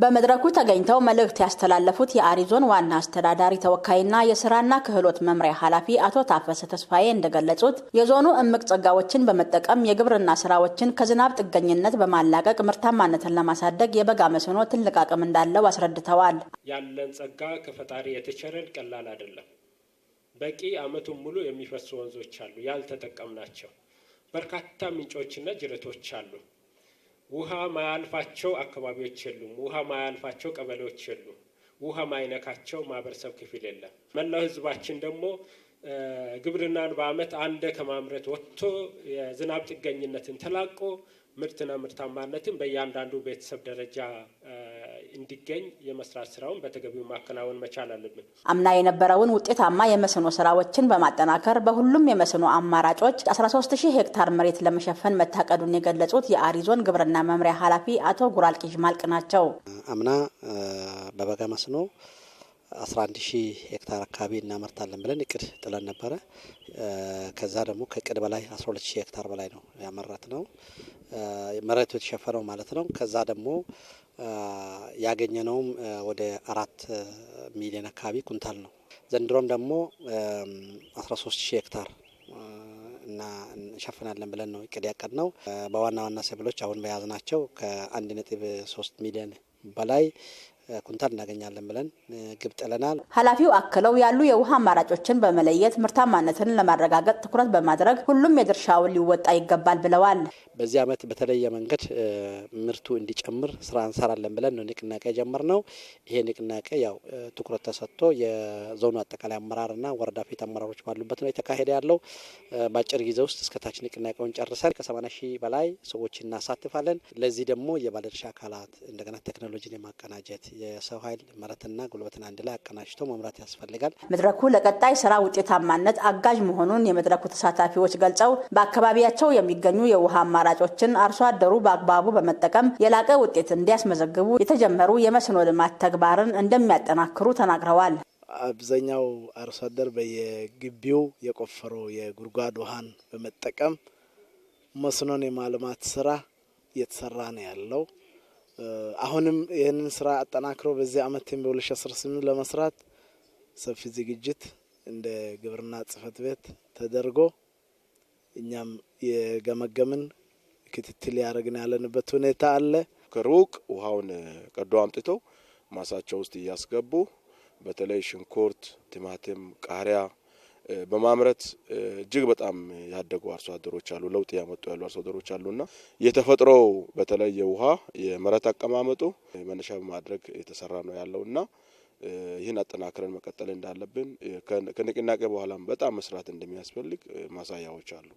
በመድረኩ ተገኝተው መልእክት ያስተላለፉት የአሪዞን ዋና አስተዳዳሪ ተወካይና የስራና ክህሎት መምሪያ ኃላፊ አቶ ታፈሰ ተስፋዬ እንደገለጹት የዞኑ እምቅ ጸጋዎችን በመጠቀም የግብርና ስራዎችን ከዝናብ ጥገኝነት በማላቀቅ ምርታማነትን ለማሳደግ የበጋ መስኖ ትልቅ አቅም እንዳለው አስረድተዋል። ያለን ጸጋ ከፈጣሪ የተቸረን ቀላል አይደለም። በቂ አመቱን ሙሉ የሚፈሱ ወንዞች አሉ፣ ያልተጠቀምናቸው በርካታ ምንጮችና ጅረቶች አሉ። ውሃ ማያልፋቸው አካባቢዎች የሉም። ውሃ ማያልፋቸው ቀበሌዎች የሉም። ውሃ ማይነካቸው ማህበረሰብ ክፍል የለም። መላው ህዝባችን ደግሞ ግብርናን በአመት አንደ ከማምረት ወጥቶ የዝናብ ጥገኝነትን ተላቆ ምርትና ምርታማነትን በእያንዳንዱ ቤተሰብ ደረጃ እንዲገኝ የመስራት ስራውን በተገቢው ማከናወን መቻል አለብን። አምና የነበረውን ውጤታማ የመስኖ ስራዎችን በማጠናከር በሁሉም የመስኖ አማራጮች 130 ሄክታር መሬት ለመሸፈን መታቀዱን የገለጹት የአሪዞን ግብርና መምሪያ ኃላፊ አቶ ጉራልቂዥ ማልቅ ናቸው። አምና በበጋ መስኖ 11 ሺህ ሄክታር አካባቢ እናመርታለን ብለን እቅድ ጥለን ነበረ። ከዛ ደግሞ ከእቅድ በላይ 12 ሺህ ሄክታር በላይ ነው ያመረት ነው መሬቱ የተሸፈነው ማለት ነው። ከዛ ደግሞ ያገኘነውም ወደ አራት ሚሊዮን አካባቢ ኩንታል ነው። ዘንድሮም ደግሞ 13 ሺህ ሄክታር እና እንሸፍናለን ብለን ነው እቅድ ያቀድ ነው። በዋና ዋና ሰብሎች አሁን በያዝናቸው ከ ሶስት ሚሊዮን በላይ ኩንታል እናገኛለን ብለን ግብ ጥለናል። ኃላፊው አክለው ያሉ የውሃ አማራጮችን በመለየት ምርታማነትን ለማረጋገጥ ትኩረት በማድረግ ሁሉም የድርሻውን ሊወጣ ይገባል ብለዋል። በዚህ ዓመት በተለየ መንገድ ምርቱ እንዲጨምር ስራ እንሰራለን ብለን ነው ንቅናቄ የጀመርነው። ይሄ ንቅናቄ ያው ትኩረት ተሰጥቶ የዞኑ አጠቃላይ አመራርና ወረዳ ፊት አመራሮች ባሉበት ነው የተካሄደ ያለው። በአጭር ጊዜ ውስጥ እስከታች ንቅናቄውን ጨርሰን ከሰማንያ ሺህ በላይ ሰዎች እናሳትፋለን። ለዚህ ደግሞ የባለድርሻ አካላት እንደገና ቴክኖሎጂን የማቀናጀት የሰው ኃይል መረትና ጉልበትን አንድ ላይ አቀናጅቶ መምራት ያስፈልጋል። መድረኩ ለቀጣይ ስራ ውጤታማነት አጋዥ መሆኑን የመድረኩ ተሳታፊዎች ገልጸው በአካባቢያቸው የሚገኙ የውሃ አማራጮችን አርሶ አደሩ በአግባቡ በመጠቀም የላቀ ውጤት እንዲያስመዘግቡ የተጀመሩ የመስኖ ልማት ተግባርን እንደሚያጠናክሩ ተናግረዋል። አብዛኛው አርሶ አደር በየግቢው የቆፈሩ የጉድጓድ ውሃን በመጠቀም መስኖን የማልማት ስራ እየተሰራ ነው ያለው። አሁንም ይህንን ስራ አጠናክሮ በዚህ አመትም በ2018 ለመስራት ሰፊ ዝግጅት እንደ ግብርና ጽህፈት ቤት ተደርጎ እኛም የገመገምን ክትትል ያደረግን ያለንበት ሁኔታ አለ። ከሩቅ ውሃውን ቀዶ አምጥተው ማሳቸው ውስጥ እያስገቡ በተለይ ሽንኩርት፣ ቲማቲም፣ ቃሪያ በማምረት እጅግ በጣም ያደጉ አርሶ አደሮች አሉ። ለውጥ ያመጡ ያሉ አርሶ አደሮች አሉና የተፈጥሮ በተለይ የውሃ የመሬት አቀማመጡ መነሻ በማድረግ የተሰራ ነው እና ይህን አጠናክረን መቀጠል እንዳለብን ከንቅናቄ በኋላም በጣም መስራት እንደሚያስፈልግ ማሳያዎች አሉ።